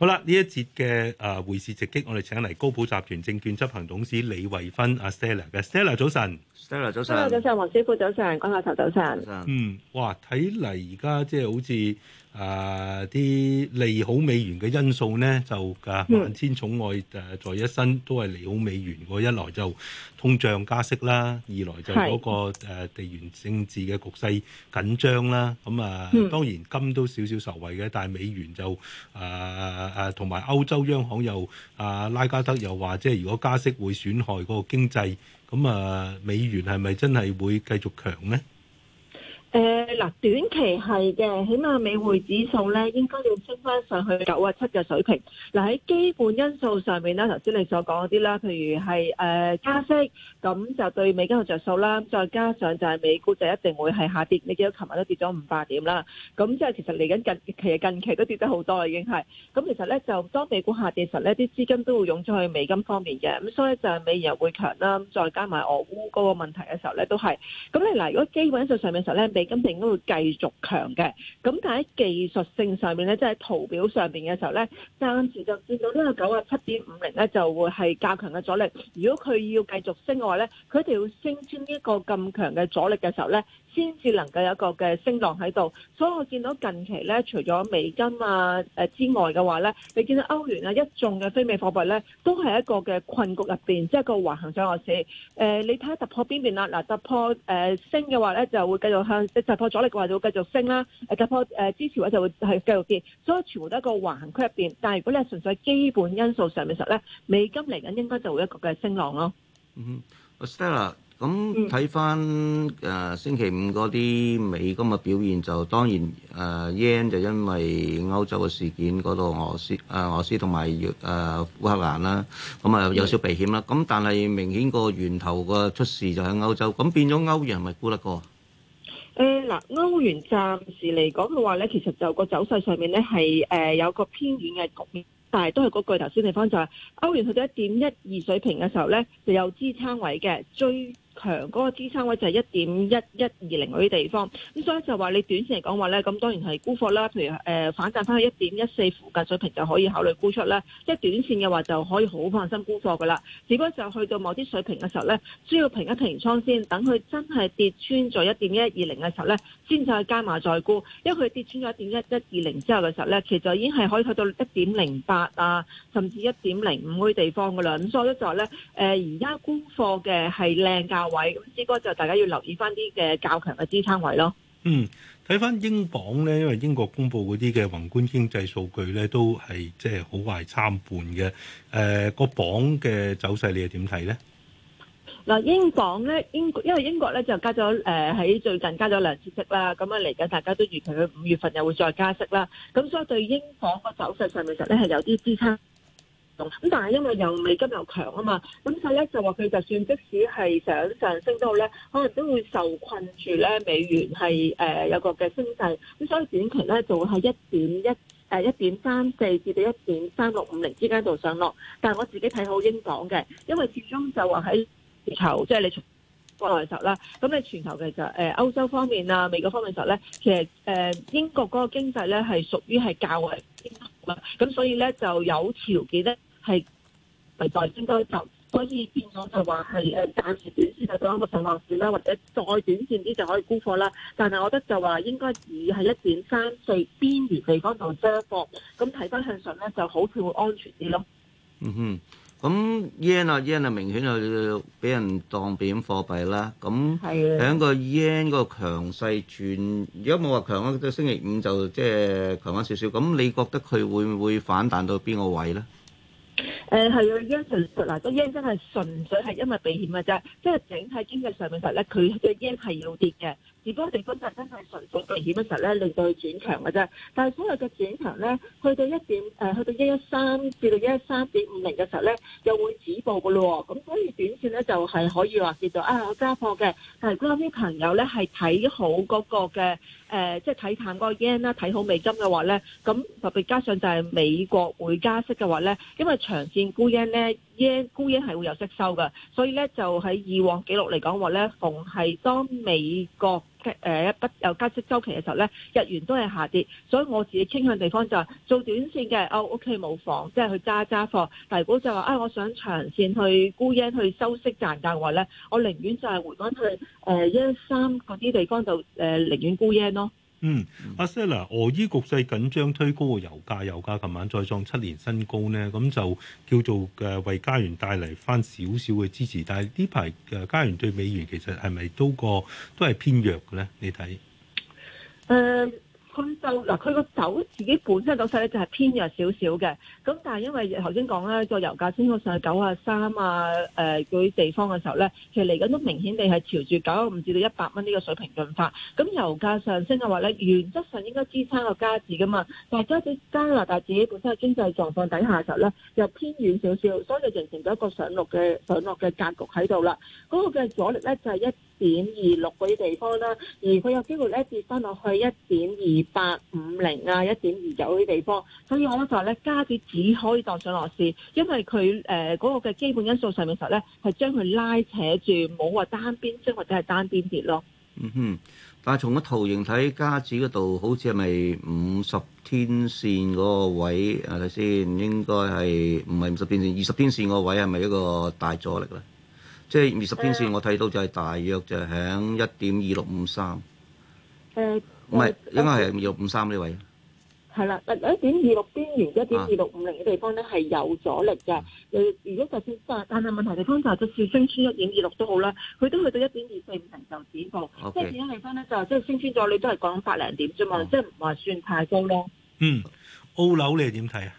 好啦，呢一節嘅啊，匯市直擊，我哋請嚟高寶集團證券執行董事李慧芬阿 Stella 嘅 Stella 早晨 Stella 早晨，Stella, 早晨黃師傅早上，關海潮早晨黃師傅，早晨，早晨早晨嗯，哇，睇嚟而家即係好似。啊！啲利好美元嘅因素咧，就啊萬千寵愛誒、啊、在一身，都係利好美元。一來就通脹加息啦，二來就嗰、嗰個的、啊、地緣政治嘅局勢緊張啦。咁啊，當然金都少少受惠嘅，但係美元就啊啊同埋歐洲央行又啊拉加德又話，即係如果加息會損害嗰個經濟，咁啊美元係咪真係會繼續強咧？誒，嗱、呃、短期係嘅，起碼美匯指數咧應該要升翻上去九啊七嘅水平。嗱、呃、喺基本因素上面咧，頭先你所講嗰啲啦，譬如係誒、呃、加息，咁就對美金有着數啦。再加上就係美股就一定會係下跌，你記得琴日都跌咗五百點啦。咁即係其實嚟緊近，近，其實近期都跌得好多已經係。咁其實咧就當美股下跌時呢，實咧啲資金都會湧出去美金方面嘅。咁所以就美元又會強啦。咁再加埋俄烏嗰個問題嘅時候咧，都係。咁你嗱，如果基本因素上面時候咧？嚟，今年應該會繼續強嘅。咁但係技術性上面咧，即係喺圖表上面嘅時候咧，暫時就見到呢個九啊七點五零咧，就會係較強嘅阻力。如果佢要繼續升嘅話咧，佢一定要升穿呢個咁強嘅阻力嘅時候咧。先至能夠有一個嘅升浪喺度，所以我見到近期咧，除咗美金啊誒、呃、之外嘅話咧，你見到歐元啊一眾嘅非美貨幣咧，都係一個嘅困局入邊，即係個橫行上落市。誒、呃，你睇下突破邊邊啦？嗱，突破誒、呃、升嘅話咧，就會繼續向突破阻力嘅話就會繼續升啦、啊；突破誒、呃、支持位就會係繼續跌。所以全部都係個橫行區入邊。但係如果你係純粹基本因素上面實咧，美金嚟緊應該就會一個嘅升浪咯。嗯、mm hmm. 阿 Stella。咁睇翻誒星期五嗰啲美金嘅表現，就當然誒 yen 就因為歐洲嘅事件，嗰度俄斯誒俄斯同埋誒烏克蘭啦，咁啊有少避險啦。咁但係明顯個源頭個出事就喺歐洲，咁變咗歐元係咪孤立過？誒嗱，歐元暫時嚟講，嘅話咧其實就個走勢上面咧係誒有個偏遠嘅局面，但係都係嗰句頭先地方就係歐元去到一點一二水平嘅時候咧，就有支撐位嘅追。強嗰個支撐位就係一點一一二零嗰啲地方，咁所以就話你短線嚟講話咧，咁當然係沽貨啦。譬如誒、呃、反彈翻去一點一四附近水平就可以考慮沽出啦。即係短線嘅話就可以好放心沽貨噶啦。只不過就去到某啲水平嘅時候咧，需要平一平倉先，等佢真係跌穿咗一點一二零嘅時候咧，先再加碼再沽。因為佢跌穿咗一點一一二零之後嘅時候咧，其實已經係可以去到一點零八啊，甚至一點零五嗰啲地方噶啦。咁所以就話咧，誒而家沽貨嘅係靚價。位咁之，哥就大家要留意翻啲嘅較強嘅支撐位咯。嗯，睇翻英鎊咧，因為英國公布嗰啲嘅宏觀經濟數據咧，都係即係好壞參半嘅。誒，個鎊嘅走勢你又點睇咧？嗱，英鎊咧，英因為英國咧就加咗誒喺最近加咗兩次息啦，咁啊嚟緊大家都預期佢五月份又會再加息啦，咁所以對英鎊個走勢上面就咧係有啲支撐。咁但係因為又美金又強啊嘛，咁所以咧就話佢就算即使係想上升都好咧，可能都會受困住咧美元係誒、呃、有個嘅升勢，咁所以短期咧就會喺一點一誒一點三四至到一點三六五零之間度上落。但係我自己睇好英鎊嘅，因為始終就話喺全球即係、就是、你從國內嘅時候啦，咁你全球其實誒歐洲方面啊、美國方面時候咧，其實誒、呃、英國嗰個經濟咧係屬於係較為堅強啦，咁所以咧就有條件咧。係唔係在應該就，所以變咗就話係誒，暫時短線就做一個上落市啦，或者再短線啲就可以沽貨啦。但係我覺得就話應該以係一點三四邊緣地方度揸貨，咁睇翻向上咧，就好似會安全啲咯。嗯哼，咁 yen 啊 yen 啊明顯就俾人當避險貨幣啦。咁喺個 yen 個強勢轉，如果冇話強啦，到星期五就即係強翻少少。咁你覺得佢會唔會反彈到邊個位咧？誒，係啊、呃，而家純粹嗱，個 yen 真係純粹係因為避險嘅啫，即係整體經濟上面嚟咧，佢嘅 yen 係要跌嘅。如果地方就係真係純屬危險嘅時候咧，令到佢轉強嘅啫。但係所有嘅轉強咧，去到一點誒，去到一一三至到一一三點五零嘅時候咧，又會止步嘅咯。咁所以短線咧就係可以話叫做啊我加貨嘅。但係如果啲朋友咧係睇好嗰個嘅誒，即係睇淡嗰個 yen 啦，睇好美金嘅話咧，咁特別加上就係美國會加息嘅話咧，因為長線沽 yen 咧。 孤英沽英係會有息收嘅，所以咧就喺以往記錄嚟講話咧，逢係當美國誒一筆有加息週期嘅時候咧，日元都係下跌，所以我自己傾向地方就係做短線嘅，哦 O K 冇妨，即、okay, 係、就是、去揸揸貨。但如果就話啊、哎，我想長線去沽英去收息賺價嘅話咧，我寧願就係回翻去誒一三嗰啲地方就誒、呃、寧願沽英咯。嗯，阿 Sir 嗱，俄伊局勢緊張推高個油價，油價琴晚再創七年新高呢，咁就叫做嘅為加元帶嚟翻少少嘅支持，但係呢排嘅加元對美元其實係咪都個都係偏弱嘅咧？你睇？誒、uh。佢、嗯、就嗱，佢個走自己本身走勢咧就係偏弱少少嘅，咁但係因為頭先講咧，個油價升到上去九啊三啊誒啲地方嘅時候咧，其實嚟緊都明顯地係朝住九啊五至到一百蚊呢個水平進發，咁油價上升嘅話咧，原則上應該支撐個加字噶嘛，但係喺加拿大自己本身嘅經濟狀況底下嘅時候咧，又偏軟少少，所以就形成咗一個上落嘅上落嘅格局喺度啦，嗰、那個嘅阻力咧就係、是、一點二六嗰啲地方啦，而佢有機會咧跌翻落去一點二八五零啊，一點二九嗰啲地方，所以我覺得咧，家子只可以當上落市，因為佢誒嗰個嘅基本因素上面實咧，係將佢拉扯住，冇話單邊升或者係單邊跌咯。嗯哼，但係從個圖形睇，家子嗰度好似係咪五十天線嗰個位？係咪先？應該係唔係五十天線？二十天線個位係咪一個大助力咧？即係二十天線，我睇到就係大約就係響一點二六五三。誒，唔係應該係二六五三呢位。係啦，嗱一點二六邊緣一點二六五零嘅地方咧，係有阻力㗎。誒，如果就算但係問題地方就係即使升穿一點二六都好啦，佢都去到一點二四五零就止步。即係點樣地方咧？就即係升穿咗，你都係講百零點啫嘛，即係唔話算太高咯。嗯，澳樓你係點睇啊？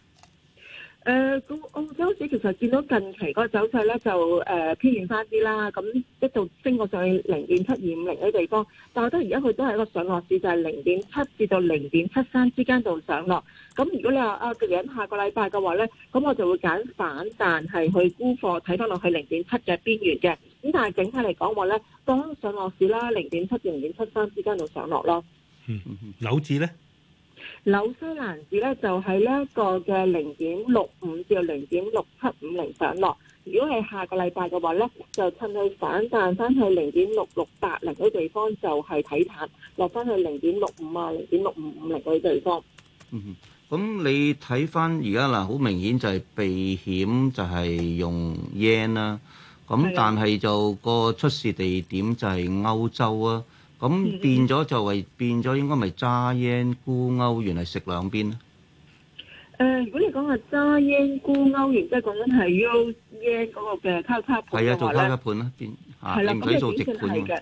誒，咁澳洲市其實見到近期個走勢咧就誒、呃、偏軟返啲啦，咁一度升過上去零點七二五零啲地方，但係我覺得而家佢都係一個上落市，就係零點七至到零點七三之間度上落。咁如果你話啊，個人下個禮拜嘅話咧，咁我就會揀反彈係去沽貨，睇翻落去零點七嘅邊緣嘅。咁但係整體嚟講話咧，當上落市啦，零點七零點七三之間度上落咯。嗯，紐市咧？紐西蘭紙咧就喺呢一個嘅零點六五至到零點六七五零上落。如果係下個禮拜嘅話咧，就趁佢反彈翻去零點六六八零嗰地方就係睇淡，落翻去零點六五啊零點六五五零嗰啲地方。嗯哼，咁你睇翻而家嗱，好明顯就係避險就係用 yen 啦。咁但係就個出事地點就係歐洲啊。咁變咗就係變咗，應該咪揸 Yen 沽歐元嚟食兩邊咧？誒，如果你講話揸 Yen 沽歐元，即係講緊係 Euro Yen 嗰個嘅交叉盤嘅話咧，係啊，做交叉盤啦，邊？係啦，咁即係點算係直盤嘅？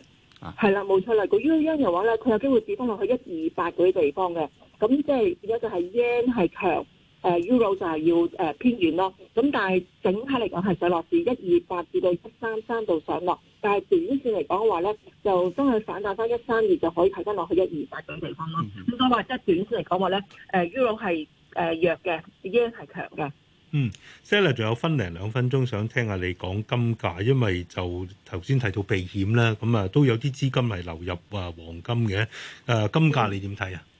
係啦，冇錯啦。個 Euro Yen 嘅話咧，佢有機會跌翻落去一二八嗰啲地方嘅。咁即係而家就係 Yen 係強。誒 Euro 就係要誒偏軟咯，咁但係整體嚟講係上落至一二八至到一三三度上落。但係短線嚟講話咧，就都係反彈翻一三二就可以睇得落去一二八咁地方咯。咁所以話即係短線嚟講話咧，誒 Euro 係誒弱嘅 yen 係強嘅。 嗯，Sir e a 仲有分零兩分鐘，想聽下你講金價，因為就頭先提到避險啦，咁啊都有啲資金嚟流入啊黃金嘅。誒金價你點睇啊？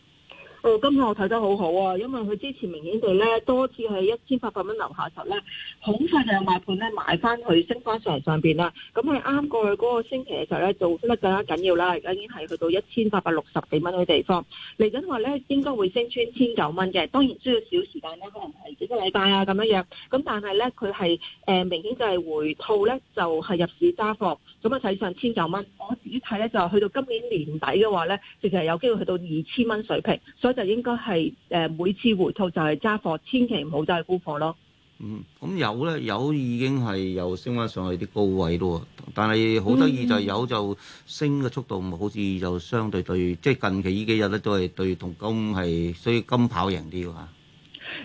哦，今日我睇得好好、哦、啊，因為佢之前明顯到咧多次係一千八百蚊樓下時候咧，好快就有賣盤咧，買翻去升翻上嚟上邊啦。咁佢啱過去嗰個星期嘅時候咧，做得更加緊要啦。而家已經係去到一千八百六十幾蚊嘅地方。嚟緊話咧，應該會升穿千九蚊嘅，當然需要少時間咧，可能係幾個禮拜啊咁樣樣。咁、嗯、但係咧，佢係誒明顯就係回吐咧，就係、是、入市揸貨，咁啊睇上千九蚊。我自己睇咧就去到今年年底嘅話咧，其實係有機會去到二千蚊水平。嗰就應該係誒每次回吐就係揸貨，千祈唔好再沽貨咯。嗯，咁油咧，油已經係有升翻上去啲高位咯。但係好得意就油就升嘅速度，唔好似就相對對，即係近期呢幾日咧都係對同金係，需要金跑贏啲㗎。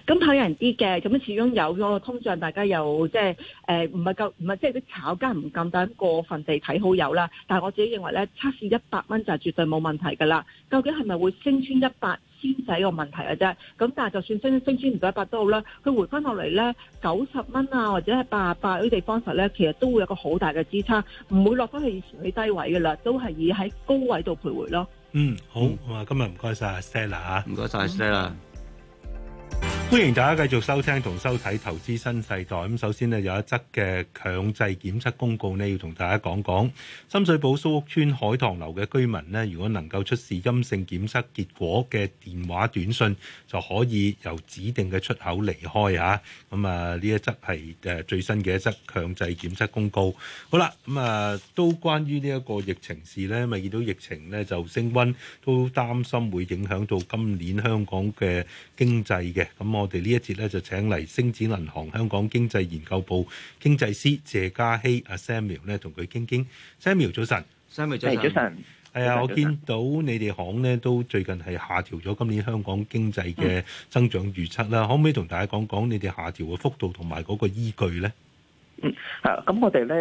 咁、嗯、跑贏啲嘅，咁始終油咗、嗰個、通脹，大家又即係誒唔係夠，唔係即係啲炒家唔咁大膽咁過分地睇好油啦。但係我自己認為咧，測試一百蚊就絕對冇問題㗎啦。究竟係咪會升穿一百？遷徙個問題嘅啫，咁但係就算升升穿唔到一百都好啦，佢回翻落嚟咧九十蚊啊，或者係八廿八嗰啲地方實咧，其實都會有個好大嘅支撐，唔會落翻去以前啲低位噶啦，都係以喺高位度徘徊咯。嗯，好，咁啊，今日唔該晒阿 Stella 吓，唔該晒 Stella 歡迎大家繼續收聽同收睇《投資新世代》。咁首先咧有一則嘅強制檢測公告咧，要同大家講講。深水埗蘇屋邨海棠樓嘅居民咧，如果能夠出示陰性檢測結果嘅電話短信，就可以由指定嘅出口離開吓。咁啊呢一則係誒最新嘅一則強制檢測公告。好啦，咁啊都關於呢一個疫情事咧，咪見到疫情咧就升溫，都擔心會影響到今年香港嘅經濟嘅。咁我。我哋呢一節咧就請嚟星展銀行香港經濟研究部經濟師謝家曦阿 Samuel 咧同佢傾傾，Samuel 早晨，Samuel 早晨，係啊，我見到你哋行咧都最近係下調咗今年香港經濟嘅增長預測啦，嗯、可唔可以同大家講講你哋下調嘅幅度同埋嗰個依據咧？嗯，啊，咁我哋咧，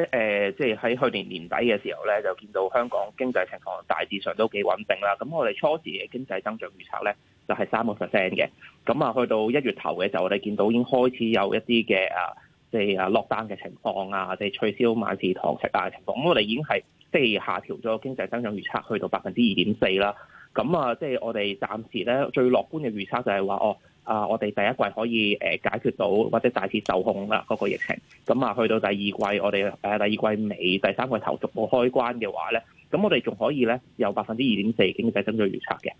誒，即係喺去年年底嘅時候咧，就見到香港經濟情況大致上都幾穩定啦。咁我哋初時嘅經濟增長預測咧。就係三個 percent 嘅，咁啊，去到一月頭嘅時候，我哋見到已經開始有一啲嘅啊，即係啊落單嘅情況啊，即係取消晚市堂食啊嘅情況。咁我哋已經係即係下調咗經濟增長預測，去到百分之二點四啦。咁啊，即係我哋暫時咧最樂觀嘅預測就係話哦，啊，我哋第一季可以誒解決到或者大致受控啦嗰個疫情。咁啊，去到第二季，我哋誒、啊、第二季尾、第三季頭逐步開關嘅話咧，咁我哋仲可以咧有百分之二點四經濟增長預測嘅。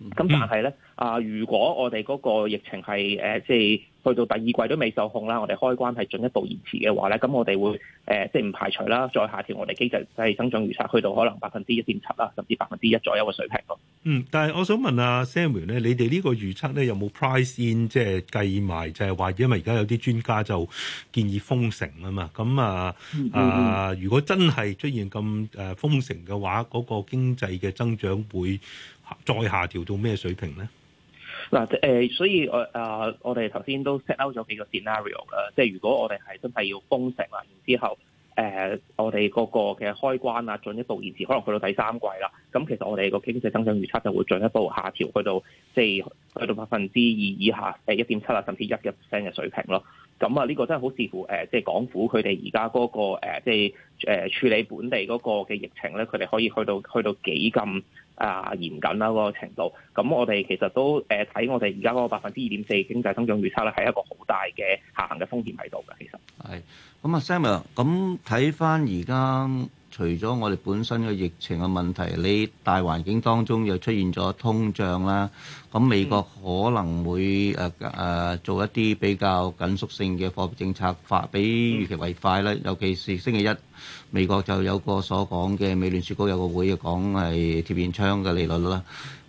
咁、嗯、但係咧，啊、呃！如果我哋嗰個疫情係誒、呃，即係，去到第二季都未受控啦，我哋開關係進一步延遲嘅話咧，咁我哋會誒、呃、即係唔排除啦，再下調我哋經濟增長預測，去到可能百分之一點七啦，甚至百分之一左右嘅水平咯。嗯，但係我想問阿、啊、Samuel 咧，你哋呢個預測咧有冇 price in 即係計埋就係、是、話，因為而家有啲專家就建議封城啊嘛，咁啊嗯嗯嗯啊，如果真係出現咁誒封城嘅話，嗰、那個經濟嘅增長會再下調到咩水平咧？嗱，誒、呃，所以我啊、呃，我哋頭先都 set out 咗幾個 scenario 啦，即係如果我哋係真係要封城啦，然之後，誒、呃，我哋個個嘅開關啊，進一步延遲，可能去到第三季啦，咁其實我哋個經濟增長預測就會進一步下調，去到即係去到百分之二以下，誒一點七啊，甚至一嘅 percent 嘅水平咯。咁啊，呢、這個真係好視乎誒、呃，即係港府佢哋而家嗰個即係誒處理本地嗰個嘅疫情咧，佢哋可以去到去到幾咁啊嚴謹啦、啊、嗰、那個程度。咁、嗯、我哋其實都誒睇、呃、我哋而家嗰個百分之二點四經濟增長預測咧，係一個好大嘅下行嘅風險喺度嘅。其實係咁啊，Sam 啊，咁睇返而家。嗯 Samuel，嗯除咗我哋本身嘅疫情嘅問題，你大環境當中又出現咗通脹啦，咁美國可能會誒誒、呃呃、做一啲比較緊縮性嘅貨幣政策，發比預期為快啦。尤其是星期一，美國就有個所講嘅美聯儲高有個會就講係貼現窗嘅利率啦。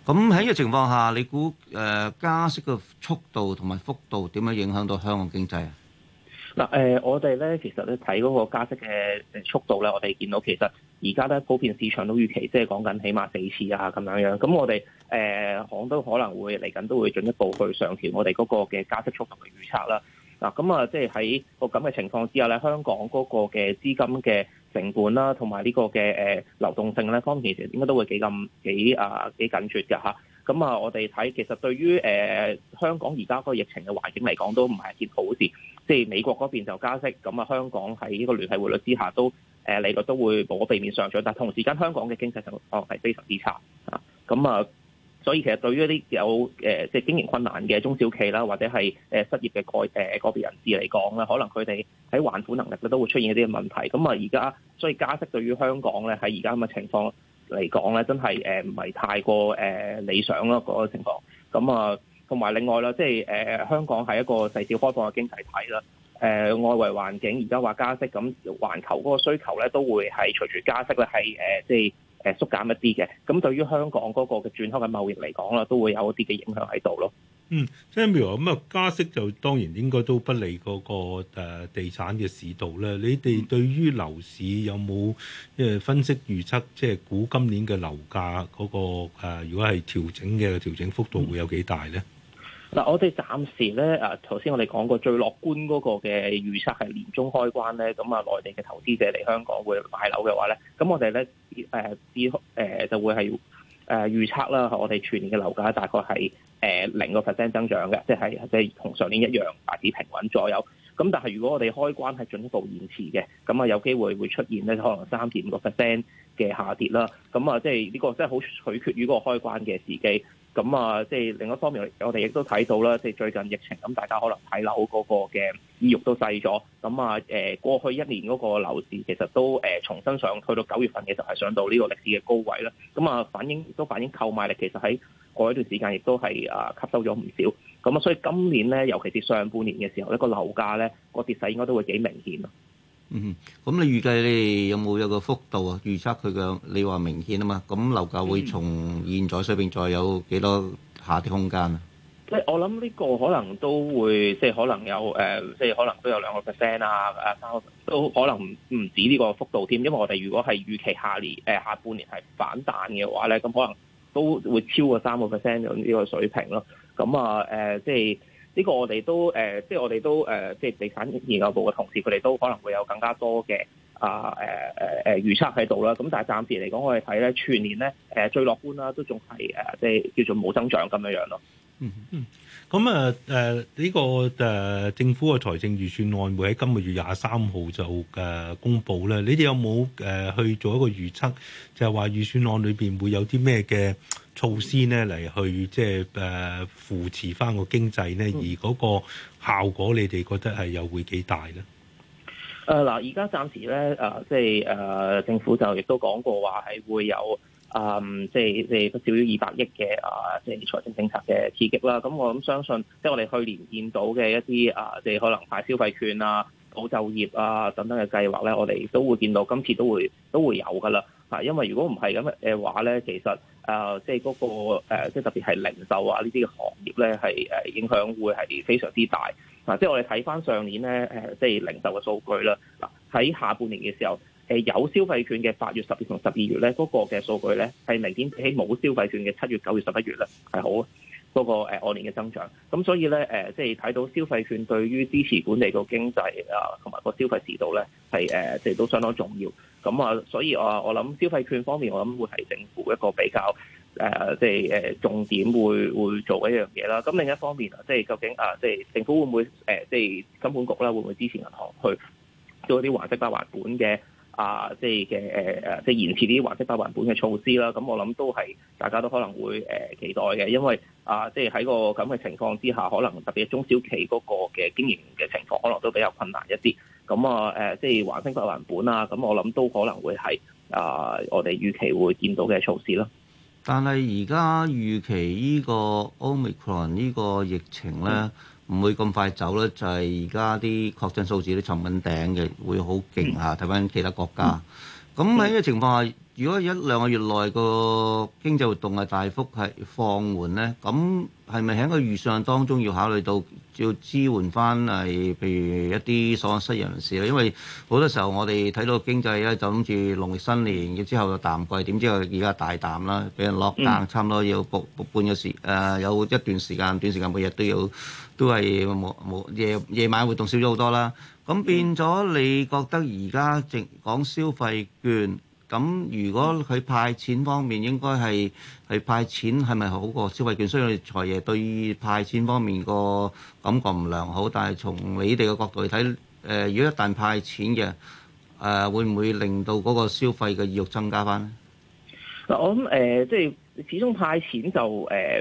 咁喺呢個情況下，你估誒、呃、加息嘅速度同埋幅度點樣影響到香港經濟啊？嗱誒、呃，我哋咧其實咧睇嗰個加息嘅誒速度咧，我哋見到其實而家咧普遍市場都預期即係講緊起碼四次啊咁樣樣。咁我哋誒、呃、行都可能會嚟緊都會進一步去上調我哋嗰個嘅加息速度嘅預測啦。嗱、啊、咁啊，即係喺個咁嘅情況之下咧，香港嗰個嘅資金嘅成本啦、啊，同埋呢個嘅誒、呃、流動性咧，方面其實應該都會幾咁幾啊幾緊缺嘅嚇。咁啊，我哋睇其實對於誒、呃、香港而家嗰個疫情嘅環境嚟講，都唔係一件好事。即係美國嗰邊就加息，咁、嗯、啊香港喺呢個聯繫匯率之下都誒利率都會冇可避免上漲，但係同時間香港嘅經濟情況哦係非常之差啊，咁啊，所以其實對於一啲有誒即係經營困難嘅中小企啦，或者係誒失業嘅個誒、呃、個別人士嚟講啦，可能佢哋喺還款能力咧都會出現一啲嘅問題，咁啊而家所以加息對於香港咧喺而家咁嘅情況嚟講咧，真係誒唔係太過誒、呃、理想咯嗰、那個情況，咁、嗯、啊。同埋另外啦，即係誒、呃、香港係一個細小開放嘅經濟體啦，誒、呃、外圍環境而家話加息，咁環球嗰個需求咧都會係隨住加息咧係誒即係誒縮減一啲嘅。咁對於香港嗰個嘅轉口嘅貿易嚟講啦，都會有一啲嘅影響喺度咯。嗯，即係譬如話，咁啊加息就當然應該都不利嗰個地產嘅市道啦。你哋對於樓市有冇誒分析預測，即係估今年嘅樓價嗰、那個、呃、如果係調整嘅調整幅度會有幾大咧？嗱，我哋暫時咧，啊頭先我哋講過最樂觀嗰個嘅預測係年中開關咧，咁啊內地嘅投資者嚟香港會買樓嘅話咧，咁我哋咧誒只誒就會係誒預測啦，呃呃、我哋全年嘅樓價大概係誒零個 percent 增長嘅，即係即係同上年一樣大致平穩左右。咁但係如果我哋開關係進一步延遲嘅，咁啊有機會會出現咧可能三至五個 percent 嘅下跌啦。咁啊即係呢個真係好取決於個開關嘅時機。咁啊，即係另一方面我哋亦都睇到啦，即係最近疫情，咁大家可能睇樓嗰個嘅意欲都細咗。咁啊，誒過去一年嗰個樓市其實都誒重新上，去到九月份其實係上到呢個歷史嘅高位啦。咁啊，反映都反映購買力其實喺過一段時間亦都係啊吸收咗唔少。咁啊，所以今年咧，尤其是上半年嘅時候，咧個樓價咧個跌勢應該都會幾明顯。嗯，咁你預計你有冇有個幅度啊？預測佢嘅，你話明顯啊嘛。咁樓價會從現在水平再有幾多下跌空間啊？即係、嗯、我諗呢個可能都會，即係可能有誒，即、呃、係可能都有兩個 percent 啊，誒三個都可能唔止呢個幅度添。因為我哋如果係預期下年誒、呃、下半年係反彈嘅話咧，咁可能都會超過三個 percent 咁呢個水平咯。咁啊誒、呃，即係。呢個我哋都誒，即、呃、係、就是、我哋都誒，即、呃、係地產研究部嘅同事，佢哋都可能會有更加多嘅啊誒誒誒預測喺度啦。咁、呃呃呃呃、但係暫時嚟講，我哋睇咧全年咧誒、呃、最樂觀啦，都仲係誒即係叫做冇增長咁樣樣咯、嗯。嗯。咁、嗯這個、啊誒呢個誒政府嘅財政預算案會喺今個月廿三號就誒、啊、公布咧，你哋有冇誒、啊、去做一個預測？就係話預算案裏邊會有啲咩嘅措施咧，嚟去即係誒扶持返個經濟咧，而嗰個效果你哋覺得係又會幾大咧？誒嗱、呃，而家暫時咧誒，即係誒政府就亦都講過話係會有。嗯、啊，即係即係不少於二百億嘅啊，即係財政政策嘅刺激啦。咁、啊、我諗相信，即係我哋去年見到嘅一啲啊，即係可能派消費券啊、保就業啊等等嘅計劃咧，我哋都會見到今次都會都會有噶啦。啊，因為如果唔係咁嘅話咧，其實啊，即係、那、嗰個、啊、即係特別係零售啊呢啲嘅行業咧，係誒、啊、影響會係非常之大。啊，即係我哋睇翻上年咧誒、啊，即係零售嘅數據啦。嗱、啊，喺下半年嘅時候。誒有消費券嘅八月、十月同十二月咧，嗰、那個嘅數據咧係明顯比起冇消費券嘅七月、九月、十一月咧係好嗰、那個按年嘅增長。咁所以咧誒，即係睇到消費券對於支持本地個經濟啊，同埋個消費市道咧係誒，即係、呃就是、都相當重要。咁啊，所以我我諗消費券方面，我諗會係政府一個比較誒，即係誒重點會會做一樣嘢啦。咁另一方面、就是、啊，即係究竟啊，即係政府會唔會誒，即係金管局啦，會唔會支持銀行去做一啲還息不還本嘅？啊，即係嘅誒誒，即係、呃、延遲啲還息還本嘅措施啦。咁我諗都係大家都可能會誒期待嘅，因為啊、呃，即係喺個咁嘅情況之下，可能特別係中小企嗰個嘅經營嘅情況可能都比較困難一啲。咁啊誒、呃，即係還息還本啊，咁我諗都可能會係啊、呃，我哋預期會見到嘅措施咯。但係而家預期呢個 Omicron 呢個疫情咧？嗯唔會咁快走咯，就係而家啲確診數字都尋緊頂嘅，會好勁嚇。睇翻其他國家，咁喺呢個情況下。如果一兩個月內、個經濟活動係大幅係放緩咧，咁係咪喺個預算當中要考慮到要支援翻係譬如一啲喪失人士咧？因為好多時候我哋睇到經濟咧，就諗住農曆新年之後就淡季，點知佢而家大淡啦，俾人落單、嗯、差唔多要服服半個時誒、呃，有一段時間短時間每日都要都係冇冇夜夜晚活動少咗好多啦。咁變咗，你覺得而家淨講消費券？咁如果佢派錢方面，應該係係派錢係咪好過消費券？雖然財爺對於派錢方面個感覺唔良好，但係從你哋嘅角度嚟睇，誒、呃，如果一旦派錢嘅誒、呃，會唔會令到嗰個消費嘅意欲增加返咧？嗱，我諗誒，即係始終派錢就誒，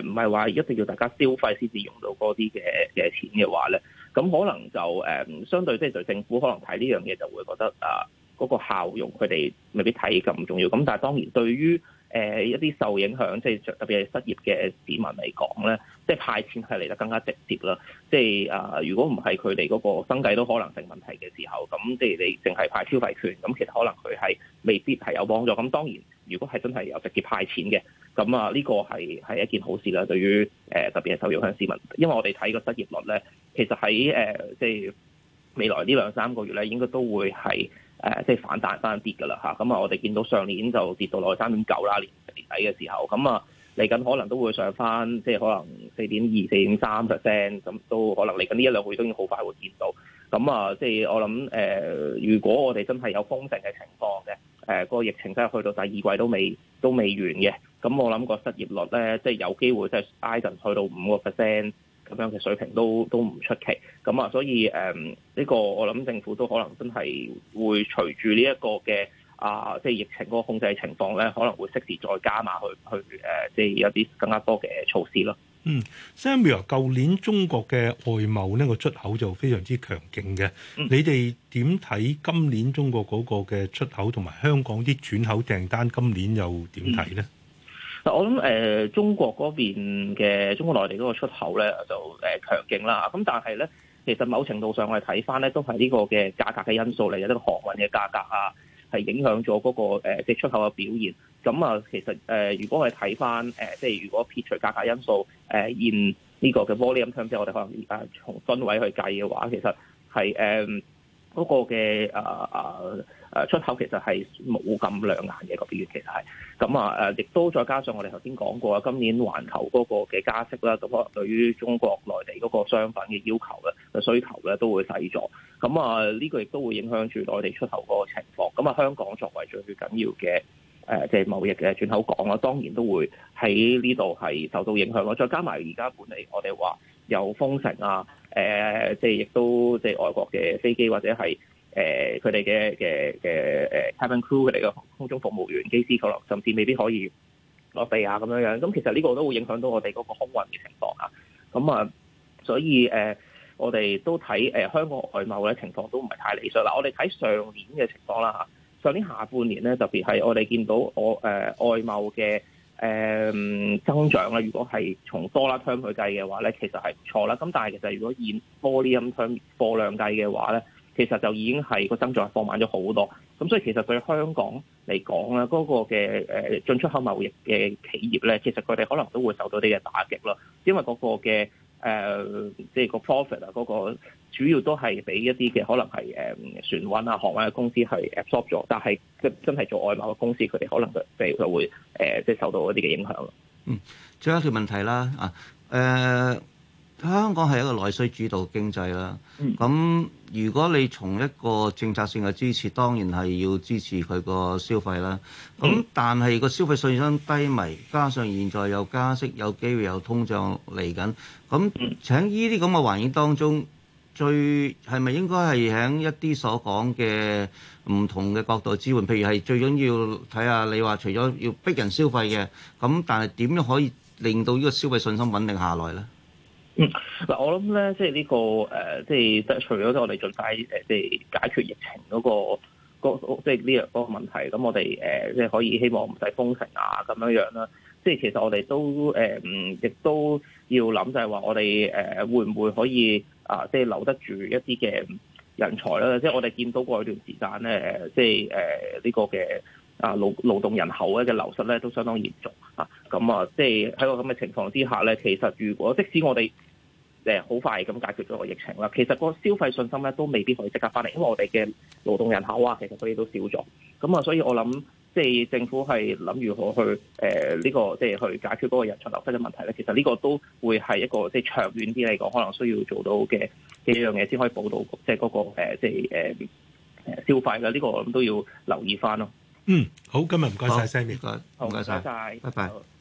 唔係話一定要大家消費先至用到嗰啲嘅嘅錢嘅話咧，咁可能就誒、呃，相對即係就是、對政府可能睇呢樣嘢就會覺得啊。呃嗰個效用，佢哋未必睇咁重要。咁但係當然，對於誒一啲受影響，即係特別係失業嘅市民嚟講咧，即係派錢係嚟得更加直接啦。即係啊、呃，如果唔係佢哋嗰個生計都可能性問題嘅時候，咁即係你淨係派消費券，咁其實可能佢係未必係有幫助。咁當然，如果係真係有直接派錢嘅，咁啊呢個係係一件好事啦。對於誒、呃、特別係受影響市民，因為我哋睇個失業率咧，其實喺誒、呃、即係未來呢兩三個月咧，應該都會係。誒、呃，即係反彈翻跌㗎啦吓，咁啊，我哋見到上年就跌到落去三點九啦，年年底嘅時候，咁、嗯、啊，嚟緊可能都會上翻，即係可能四點二、四點三 percent，咁都可能嚟緊呢一兩個月，都已經好快會見到，咁、嗯、啊，即係我諗誒、呃，如果我哋真係有封城嘅情況嘅，誒、呃，嗰個疫情真係去到第二季都未都未完嘅，咁、嗯、我諗個失業率咧，即係有機會即係挨陣去到五個 percent。咁樣嘅水平都都唔出奇，咁啊，所以誒呢個我諗政府都可能真係會隨住呢一個嘅啊，即係疫情嗰個控制情況咧，可能會適時再加碼去去誒，即係有啲更加多嘅措施咯。嗯，Samuel，舊年中國嘅外貿呢個出口就非常之強勁嘅，嗯、你哋點睇今年中國嗰個嘅出口同埋香港啲轉口訂單今年又點睇咧？嗯我諗誒、呃，中國嗰邊嘅中國內地嗰個出口咧就誒、呃、強勁啦。咁但係咧，其實某程度上我哋睇翻咧，都係呢個嘅價格嘅因素嚟，嘅。呢啲航運嘅價格啊，係影響咗嗰、那個誒即係出口嘅表現。咁、嗯、啊，其實誒、呃、如果我哋睇翻誒即係如果撇除價格因素，誒現呢個嘅 volume，即係我哋可能而家從噸位去計嘅話，其實係誒。呃嗰個嘅誒誒誒出口其實係冇咁亮眼嘅，嗰個表現其實係咁啊誒，亦都再加上我哋頭先講過啊，今年環球嗰個嘅加息啦，咁可能對於中國內地嗰個商品嘅要求咧嘅需求咧都會細咗，咁啊呢個亦都會影響住內地出口嗰個情況。咁啊，香港作為最緊要嘅誒即係貿易嘅轉口港啦，當然都會喺呢度係受到影響咯。再加埋而家本嚟我哋話有封城啊。誒，即係亦都即係、就是、外國嘅飛機，或者係誒佢哋嘅嘅嘅誒，cabin crew 佢哋個空中服務員、機師降落，甚至未必可以落地啊咁樣樣。咁、嗯、其實呢個都會影響到我哋嗰個空運嘅情況啊。咁啊，所以誒、呃，我哋都睇誒香港外貿咧情況都唔係太理想。嗱、啊，我哋睇上年嘅情況啦嚇、啊，上年下半年咧，特別係我哋見到我誒、呃、外貿嘅。誒、嗯、增長咧，如果係從 dollar term 去計嘅話咧，其實係唔錯啦。咁但係其實如果以 volume term 貨量計嘅話咧，其實就已經係個增長係放慢咗好多。咁所以其實對香港嚟講咧，嗰、那個嘅誒進出口貿易嘅企業咧，其實佢哋可能都會受到啲嘅打擊咯，因為嗰個嘅。誒，即係個 profit 啊，嗰個主要都係俾一啲嘅可能係誒船運啊、航運嘅公司去 absorb 咗，但係嘅真係做外貿嘅公司，佢哋可能就即係就會誒，即係受到一啲嘅影響咯。嗯，最後一條問題啦啊，誒、呃。香港係一個內需主導經濟啦。咁、嗯、如果你從一個政策性嘅支持，當然係要支持佢個消費啦。咁、嗯、但係個消費信心低迷，加上現在有加息，有機會有通脹嚟緊。咁喺呢啲咁嘅環境當中，最係咪應該係喺一啲所講嘅唔同嘅角度支援？譬如係最緊要睇下你話，除咗要逼人消費嘅咁，但係點樣可以令到呢個消費信心穩定下來呢？嗯，嗱，這個呃、我諗咧，即係呢個誒，即係除咗我哋盡快誒，即係解決疫情嗰、那個嗰即係呢個、這個問題，咁我哋誒，即係可以希望唔使封城啊，咁樣樣啦。即係其實我哋都誒、呃，亦都要諗就係話，我哋誒會唔會可以啊，即、呃、係、呃、留得住一啲嘅人才啦、呃？即係我哋見到過一段時間咧，即係誒呢個嘅啊勞勞動人口嘅流失咧都相當嚴重啊。咁、呃、啊，即係喺個咁嘅情況之下咧，其實如果即使我哋誒好快咁解決咗個疫情啦，其實個消費信心咧都未必可以即刻翻嚟，因為我哋嘅勞動人口啊，其實佢哋都少咗，咁啊，所以我諗即係政府係諗如何去誒呢、呃呢個即係、即係、去解決嗰個人才流失嘅問題咧，其實呢個都會係一個即係、即係、長遠啲嚟講，可能需要做到嘅一樣嘢先可以補到即係嗰個即係誒誒消費啦，呢、呢個我諗都要留意翻咯。嗯，好，今日唔該晒 Sammy 唔該，唔該曬，拜拜。拜拜。